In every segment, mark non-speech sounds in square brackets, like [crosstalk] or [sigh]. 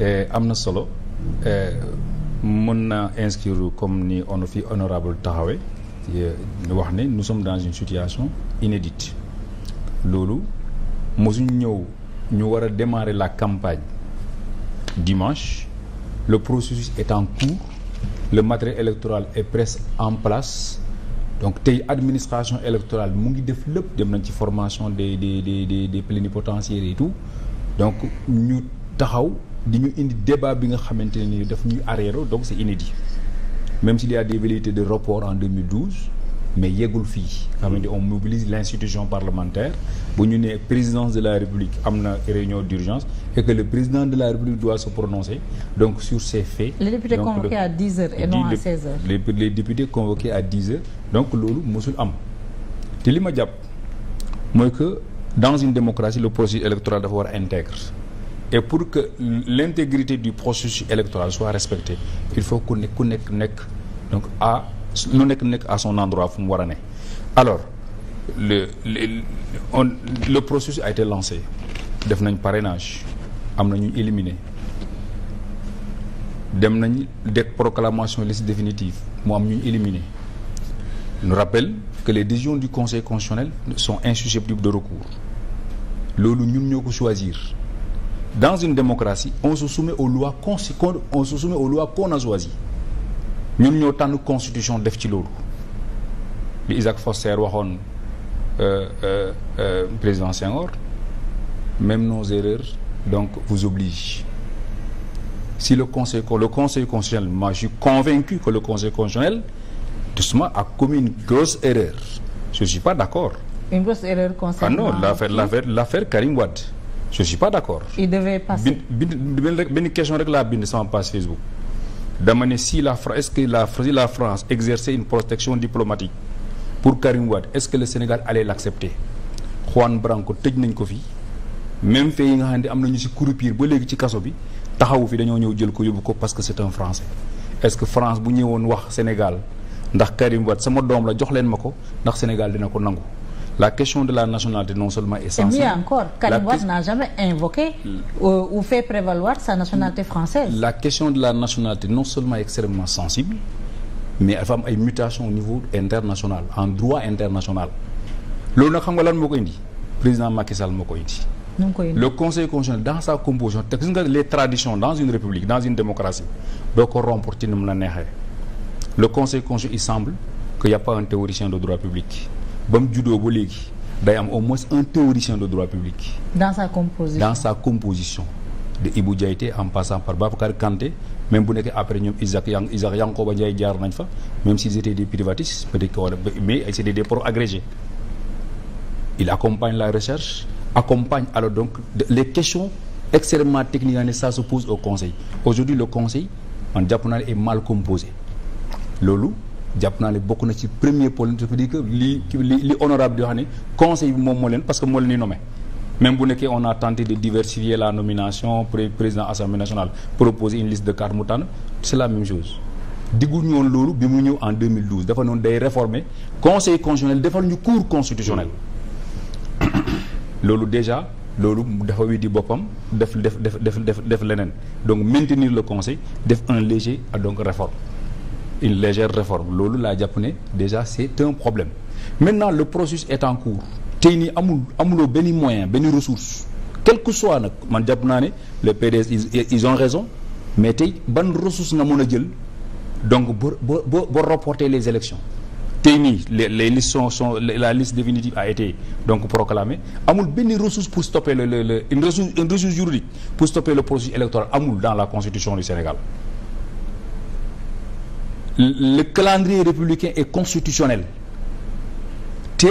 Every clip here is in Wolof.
Eh, am na solo eh, mën na inscrire comme ni on fi honorable taxawe ñu wax ne nu sommes dans une situation inédite loolu mosuñ ñëw ñu war a démarrer la campagne dimanche le processus est en cours le matériel électoral est presque en place donc tey administration électorale mu ngi def lépp dem nañ ci formation des des des des plénipotentiaires et tout donc ñu taxaw di ñu indi débat bi nga xamante ni daf ñuy arrière donc c'est inédit même s'il y a des velléités de report en 2012 mais yeggul fii nga xamante on mobilise l'institution parlementaire bu ñu nee présidence de la République am na réunion d'urgence et que le président de la République doit se prononcer donc sur ces faits les députés donc, convoqués le, à 10 heures et non à 16 heures les, les à 10 donc loolu mosul am te li ma jàpp mooy que dans une démocratie le processus électoral dafa war a intègre et pour que l'intégrité du processus électoral soit respecté il faut que nekk ku nekk nekk donc à lu nekk nekk à son endroit fu mu war a ne alors le le on le processus a été lancé def nañ parrainage am nañu éliminé dem nañ dek proclamation liste définitive moo am ñu éliminé nous rappelle que les décisions du conseil constitutionnel sont insusceptibles de recours loolu ñun ñoo ko choisir dans une démocratie on se soumet aux lois consi on se soumet aux lois qu'on a choisies ñun ñoo tànn constitution def ci loolu li Isaac Foster waxoon euh, euh, euh, président Senghor même nos erreurs donc vous obligent si le conseil le conseil constitutionnel moi je suis convaincu que le conseil constitutionnel justement a commis une grosse erreur je suis pas d'accord une grosse erreur concernant ah non l'affaire l'affaire Karim Wade je suis pas d' accord. il devait passer bind bind benn question rek laa bind sama page Facebook. dama ne si la France est la si la France exerçait une protection diplomatique pour Karim Wade est-ce que le Sénégal allait l'accepter Juan Branco tëj nañ ko fi même fait yi nga xam ne am nañu ci croupir ba léegi ci kaso bi taxawu fi dañoo ñëw jël ko yóbbu ko parce que c'est un Français est-ce que France bu ñëwoon wax Sénégal ndax Karim Wade sama doom la jox leen ma ko ndax Sénégal dina ko nangu. la question de la nationalité non seulement est sensible. Et mieux encore, Karim Wade n'a jamais invoqué hmm. ou fait prévaloir sa nationalité française. La question de la nationalité non seulement est extrêmement sensible, mais dafa am ay mutation au niveau international en droit international. loolu nag xam nga lan moo ko indi président Macky Sall moo ko le conseil constitutionnel dans sa composition te les traditions dans une république dans une démocratie doo ko rompre la neexee le conseil constitutionnel il semble que de droit public. ba mu juddoo ba léegi day am au moins un théoricien de droit public. dans sa composition dans sa composition. de Ibou Diaité en passant par Babacar Kanté même bu nekkee après ñoom Isaac Yang Isaac Yankoba jaar nañ fa même s'ils étaient des privatistes peut-être que war mais c'était des pro agrégés il accompagne la recherche accompagne alors donc les questions extrêmement techniques nga ne ça se pose au conseil aujourd'hui le conseil man jàpp naa ne est mal composé loolu jàpp naa ne bokk na ci premier pôle dafa di que li li li honorable di wax ni conseil bi moom moo leen parce que moo leen di nommé même bu nekkee on a tenté de diversifier la nomination président assemblée national proposer une liste de quatre mu tànn c' est la même chose diggu ñu loolu bi mu ñëw en 2012 dafa noonu day réformer conseil constitutionnel defal ñu cour constitutionnel [coughs] loolu déjà loolu dafa wi di boppam def def def def def leneen donc maintenir le conseil def un léger donc réforme une légère réforme loolu laa jàpp ne déjà c'est un problème maintenant le processus est en cours tey nii amul amuloo benn moyen benn ressource quel que soit nag man jàpp naa ne le PDS ils ont raison mais tey ban ressource nga mën a jël donc ba ba ba reporter les élections tey nii les les listes son sont la liste définitive a été donc proclamée amul benn ressource pour stopper le le le une ressource une ressource juridique pour stopper le processus électoral amul dans la constitution du Sénégal le calendrier républicain est constitutionnel te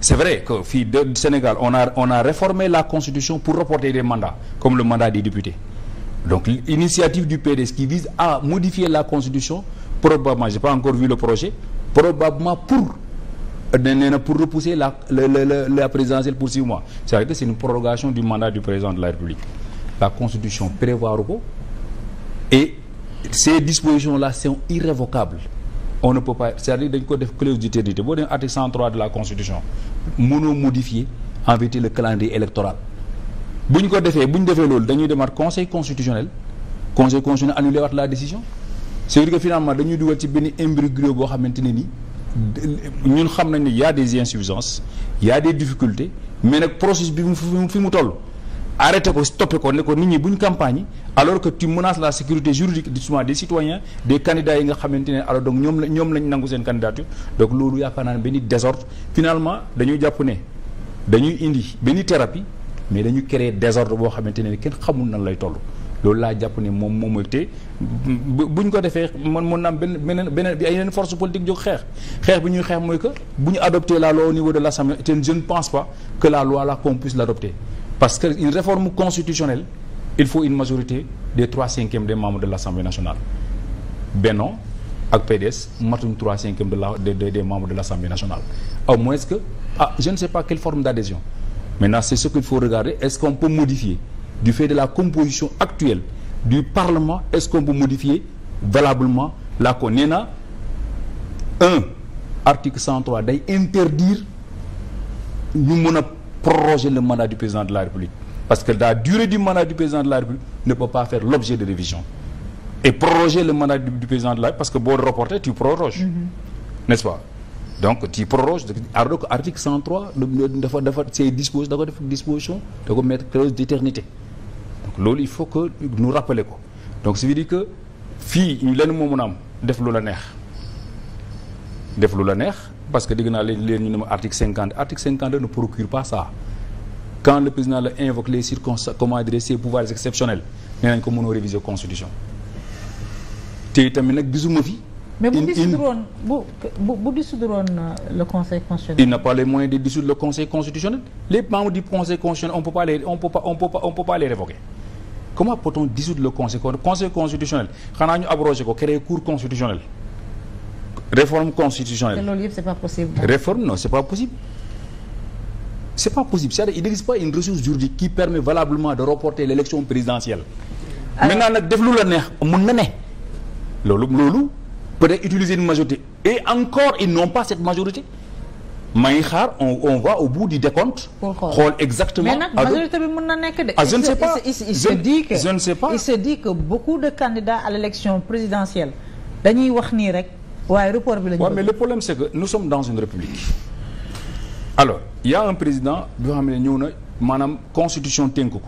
c'est vrai que fii de Sénégal on a on réformé la constitution pour reporter des mandats comme le mandat des députés donc l'initiative du PDS qui vise à modifier la constitution probablement j'ai pas encore vu le projet probablement pour nee na pour repousser la la la la présidentielle pour six mois c'est-à-dire que c'est une prorogation du mandat du président de la République la constitution prévoir ko et ces dispositions là sont irrévocables on ne peut pas c'est-à-dire dañ ko def clause d'éternité boo demee article 103 de la constitution mënoo modifier en vérité le calendrier électoral bu ñu ko defee bu ñu defee loolu dañuy demaat conseil constitutionnel conseil constitutionnel annulé waat la décision c'est-à-dire que dañuy dugal ci benn imbroglio boo xamante ne ni ñun xam nañ ne y a des insuffisances y des difficultés mais nag processus bi mu fi mu toll arrêté ko stoppé ko ne ko nit ñi buñ campagne alors que tu menaces la sécurité juridique justement des citoyens des candidats yi nga xamante ne alors donc ñoom la ñoom lañ nangu seen candidature donc loolu yaakaar naa ne benn finalement dañuy jàpp ne dañuy indi benn thérapie mais dañu créer désordre boo xamante ne kenn xamul na lay toll loolu laa jàpp ne moom moom mooy te buñ ko defee man mën na am benn beneen beneen bi ay yeneen force politique jóg xeex ñuy xeex mooy que bu ñu adopté la loi au niveau de l'Assemblée te je ne pense pas la loi là parce que une réforme constitutionnelle il faut une majorité des trois cinquièmes des membres de l'Assemblée nationale Benno ak PDS matuñ trois cinquièmes de la des de, des membres de l'Assemblée nationale au moins que ah, je ne sais pas quelle forme d'adhésion maintenant c'est ce qu'il faut regarder est-ce qu'on peut modifier du fait de la composition actuelle du Parlement est-ce qu'on peut modifier valablement la ko nee na un article proroger le mandat du président de la République parce que la durée du mandat du président de la République ne peut pas faire l'objet de révision et proroger le mandat du, président de la République parce que boo reporté tu proroges mm -hmm. n'est-ce pas donc tu proroges alors que article 103 dafa dafa c'est dispose da def disposition da mettre clause d'éternité donc loolu il faut que nous rappeler ko donc ça veut dire que fii ñu leen moo mën a am def lu la neex def lu la neex parce que dégg naa leen leen ñu ne ma article cinquante article cinquante ne procure pas ça quand le président la invoque les circonstances comment dire ses pouvoirs exceptionnels nee nañ ko mënoo réviser constitution te itamit nag gisuma fi. mais bu dissoudroon bu bu dissoudroon euh, le conseil constitutionnel. n'a pas les moyens de dissoudre le conseil constitutionnel conseil constitutionnel on peut pas les on peut pas on peut pas on peut pas les révoquer comment peut-on dissoudre le conseil conseil constitutionnel xanaa ñu abrogé ko créer cour constitutionnelle. réforme constitutionnelle. te loolu yëpp c'est pas possible. réforme non c'est pas possible. c'est pas possible c'est-à-dire il n'existe pas une ressource juridique qui permet valablement de reporter l'élection présidentielle. Alors, maintenant nag def lu la neex mën na ne. loolu loolu peut-être utiliser une majorité et encore ils n'ont pas cette majorité. may xaar on on va au bout du décompte. xool exactement. mais nag majorité bi mën na nekk de. ah je ne sais pas il se, il se, dit que beaucoup de candidats à l'élection présidentielle dañuy wax nii rek. waaye report bi la ñu mais le problème c'est que nous sommes dans une république alors il y président bi nga xam ne ñëw na maanaam constitution tënk ko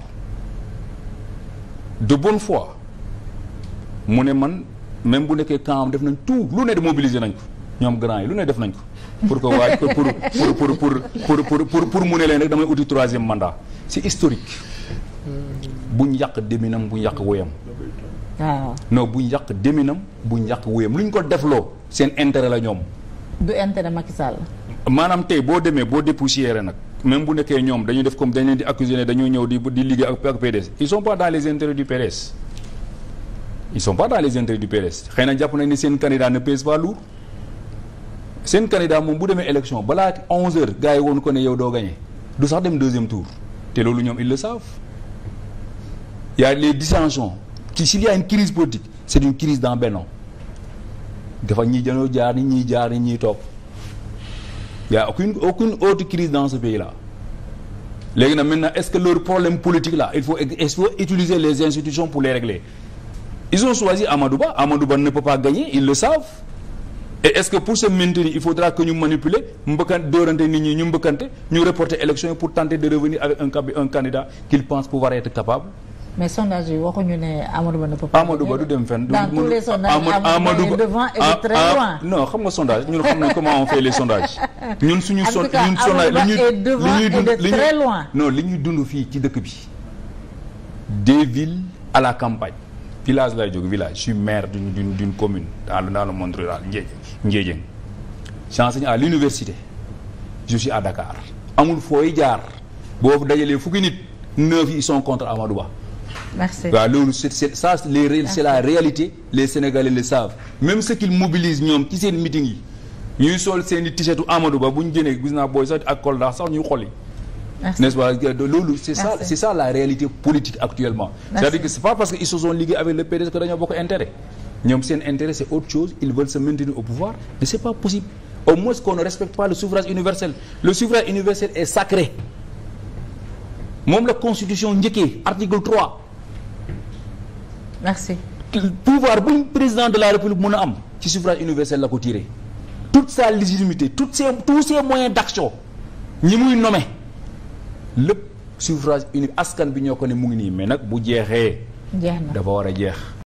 de bon fois mu ne man même bu nekkee camp def nañ tout lu ne de mobiliser nañ ko ñoom grand yi lu ne def nañ ko. pour que waaj pour pour pour pour pour pour mu ne leen rek damay uti troisième mandat c'est historique. buñ yàq deminam buñ yàq woyam. no ah. non buñ yàq deminam buñ yàq woyam luñ ko defloo. seen intérêt la ñoom. du intérêt Macky Sall. maanaam tey boo demee boo dépoussiéré nag même bu nekkee ñoom dañu def comme dañ leen di accuser ne dañoo ñëw di di liggéey ak ak PDS ils sont pas dans les intérêts du PDS. ils sont pas xëy na jàpp nañ ne seen candidat ne pèse pas seen candidat moom bu demee élection balaa 11h gars yi woon ko ne yow doo gagné du sax dem deuxième tour te loolu ñoom ils le savent y a les dissensions ci s'il y a une crise politique dans Benno dafa ñi dañoo jaar ni ñuy jaar ni ñuy topp y a aucune aucune autre crise dans ce pays là léegi nag maintenant est-ce que leur problème politique là il faut il faut utiliser les institutions pour les régler ils ont choisi Amadou Ba Amadou Ba ne peut gagner ils le savent et est-ce que pour se maintenir il faudra que ñu manipuler mbëkkante ñi mbëkkante ñu reporter élection yi pour tenter de revenir avec un un candidat qu'ils pensent pouvoir être capable mais sondage yi waxuñu ne Amadou Ba ne du dem fenn. dans tous les sondages Amadou Ba de ah, très ah, loin. non xam nga sondage ñun xam nañ comment on fait les sondages. [laughs] ñun suñu son ñun sondage li ñuy li ñuy dund li ñuy dund fii ci dëkk bi. des villes à la campagne village lay jóg village je suis maire d'une d'une d'une commune dans dans le monde rural Ndiédiène j'enseigne à l'université je à Dakar amul fooy jaar boo dajalee fukki nit neuf yi sont contre Amadou merci waaw loolu c'est c'est ça les la réalité les sénégalais le savent même ce qu'ils mobilisent ñoom ci seen meeting yi ñuy sol seen i t-shirt Amadou Ba bu ñu génnee gis naa booy sax ak Kolda sax ñuy xolli n'est-ce pas loolu c'est ça la réalité politique actuellement c'est-à-dire que c'est pas parce que ils se sont ligués avec le PDS que dañoo bokk intérêt ñoom seen intérêt c'est autre chose ils veulent se maintenir au pouvoir mais c'est pas possible au moins qu'on ne le suffrage universel le suffrage universel moom la constitution njëkkee article merci pouvoir bu président de la république mun a am ci suffrage universel la ko tiré toute sa légitimité tout ses tous ses moyens d'action ñi muy nommé lépp suffrage uni askan bi ñoo ko ne mu ngi nii mais nag bu jeexee dafa war a jeex